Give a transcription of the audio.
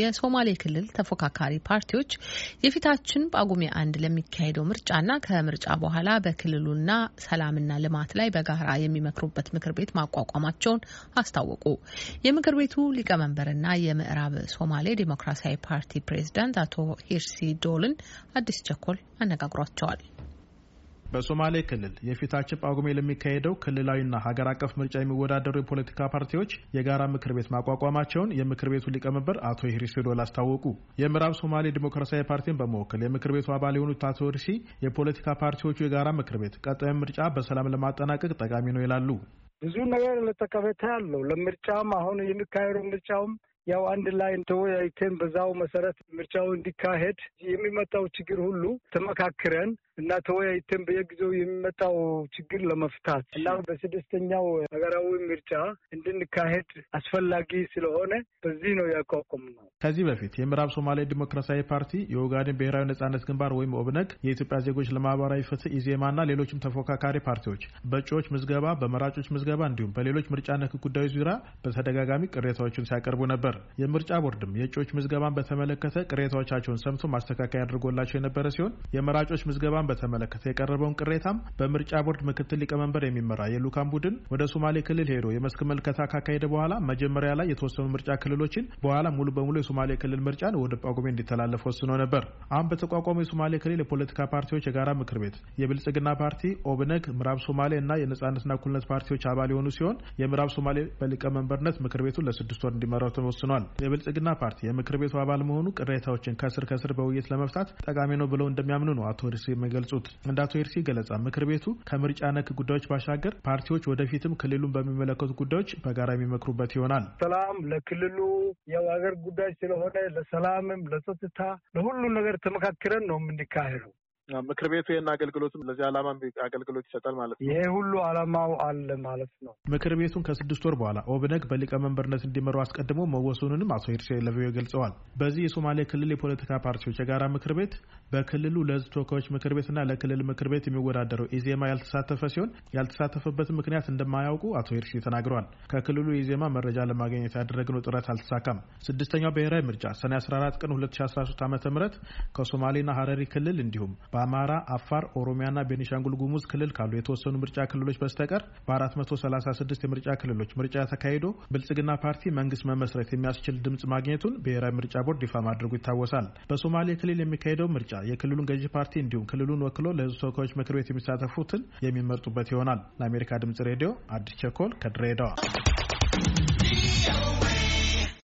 የሶማሌ ክልል ተፎካካሪ ፓርቲዎች የፊታችን ጳጉሜ አንድ ለሚካሄደው ምርጫና ከምርጫ በኋላ በክልሉና ሰላምና ልማት ላይ በጋራ የሚመክሩበት ምክር ቤት ማቋቋማቸውን አስታወቁ። የምክር ቤቱ ሊቀመንበርና የምዕራብ ሶማሌ ዴሞክራሲያዊ ፓርቲ ፕሬዝዳንት አቶ ሂርሲ ዶልን አዲስ ቸኮል አነጋግሯቸዋል። በሶማሌ ክልል የፊታችን ጳጉሜ ለሚካሄደው ክልላዊና ሀገር አቀፍ ምርጫ የሚወዳደሩ የፖለቲካ ፓርቲዎች የጋራ ምክር ቤት ማቋቋማቸውን የምክር ቤቱ ሊቀመንበር አቶ ሂሪስ ዶል አስታወቁ። የምዕራብ ሶማሌ ዲሞክራሲያዊ ፓርቲን በመወከል የምክር ቤቱ አባል የሆኑት አቶ ሂሪስ የፖለቲካ ፓርቲዎቹ የጋራ ምክር ቤት ቀጣዩን ምርጫ በሰላም ለማጠናቀቅ ጠቃሚ ነው ይላሉ። ብዙ ነገር ለጠቀሜታ ያለው ለምርጫም አሁን የሚካሄደው ምርጫውም ያው አንድ ላይ እንትን በዛው መሰረት ምርጫው እንዲካሄድ የሚመጣው ችግር ሁሉ ተመካክረን እና ተወያይተን በየጊዜው የሚመጣው ችግር ለመፍታት እና በስድስተኛው ሀገራዊ ምርጫ እንድንካሄድ አስፈላጊ ስለሆነ በዚህ ነው ያቋቋሙ ነው። ከዚህ በፊት የምዕራብ ሶማሌ ዲሞክራሲያዊ ፓርቲ፣ የኦጋዴን ብሔራዊ ነጻነት ግንባር ወይም ኦብነግ፣ የኢትዮጵያ ዜጎች ለማህበራዊ ፍትህ ኢዜማና ሌሎችም ተፎካካሪ ፓርቲዎች በእጩዎች ምዝገባ፣ በመራጮች ምዝገባ እንዲሁም በሌሎች ምርጫ ነክ ጉዳዮች ዙሪያ በተደጋጋሚ ቅሬታዎችን ሲያቀርቡ ነበር። የምርጫ ቦርድም የእጩዎች ምዝገባን በተመለከተ ቅሬታዎቻቸውን ሰምቶ ማስተካከያ አድርጎላቸው የነበረ ሲሆን የመራጮች ምዝገባን በተመለከተ የቀረበውን ቅሬታም በምርጫ ቦርድ ምክትል ሊቀመንበር የሚመራ የልዑካን ቡድን ወደ ሶማሌ ክልል ሄዶ የመስክ መልከታ ካካሄደ በኋላ መጀመሪያ ላይ የተወሰኑ ምርጫ ክልሎችን በኋላ ሙሉ በሙሉ የሶማሌ ክልል ምርጫን ወደ ጳጉሜ እንዲተላለፍ ወስኖ ነበር። አሁን በተቋቋሙ የሶማሌ ክልል የፖለቲካ ፓርቲዎች የጋራ ምክር ቤት የብልጽግና ፓርቲ፣ ኦብነግ፣ ምዕራብ ሶማሌ እና የነጻነትና እኩልነት ፓርቲዎች አባል የሆኑ ሲሆን የምዕራብ ሶማሌ በሊቀመንበርነት ምክር ቤቱን ለስድስት ወር እንዲመራው ተወስኗል። የብልጽግና ፓርቲ የምክር ቤቱ አባል መሆኑ ቅሬታዎችን ከስር ከስር በውይይት ለመፍታት ጠቃሚ ነው ብለው እንደሚያምኑ ነው አቶ ሪሲ የሚገልጹት። እንደ አቶ ኤርሲ ገለጻ ምክር ቤቱ ከምርጫ ነክ ጉዳዮች ባሻገር ፓርቲዎች ወደፊትም ክልሉን በሚመለከቱ ጉዳዮች በጋራ የሚመክሩበት ይሆናል። ሰላም ለክልሉ ያው ሀገር ጉዳይ ስለሆነ ለሰላምም፣ ለጸጥታ፣ ለሁሉም ነገር ተመካክረን ነው የምንካሄደው። ምክር ቤቱ ይህን አገልግሎትም ለዚህ ዓላማ አገልግሎት ይሰጣል ማለት ነው። ይሄ ሁሉ ዓላማው አለ ማለት ነው። ምክር ቤቱን ከስድስት ወር በኋላ ኦብነግ በሊቀመንበርነት እንዲመሩ አስቀድሞ መወሰኑንም አቶ ሄድሴ ለቪዮ ገልጸዋል። በዚህ የሶማሌ ክልል የፖለቲካ ፓርቲዎች የጋራ ምክር ቤት በክልሉ ለህዝብ ተወካዮች ምክር ቤትና ለክልል ምክር ቤት የሚወዳደረው ኢዜማ ያልተሳተፈ ሲሆን ያልተሳተፈበትን ምክንያት እንደማያውቁ አቶ ሄርሺ ተናግረዋል። ከክልሉ ኢዜማ መረጃ ለማግኘት ያደረግነው ጥረት አልተሳካም። ስድስተኛው ብሔራዊ ምርጫ ሰኔ 14 ቀን 2013 ዓ ም ከሶማሌና ሀረሪ ክልል እንዲሁም በአማራ፣ አፋር፣ ኦሮሚያና ቤኒሻንጉል ጉሙዝ ክልል ካሉ የተወሰኑ ምርጫ ክልሎች በስተቀር በ436 የምርጫ ክልሎች ምርጫ ተካሂዶ ብልጽግና ፓርቲ መንግስት መመስረት የሚያስችል ድምጽ ማግኘቱን ብሔራዊ ምርጫ ቦርድ ይፋ ማድረጉ ይታወሳል። በሶማሌ ክልል የሚካሄደው ምርጫ የክልሉን ገዢ ፓርቲ እንዲሁም ክልሉን ወክሎ ለህዝብ ተወካዮች ምክር ቤት የሚሳተፉትን የሚመርጡበት ይሆናል። ለአሜሪካ ድምጽ ሬዲዮ አዲስ ቸኮል ከድሬዳዋ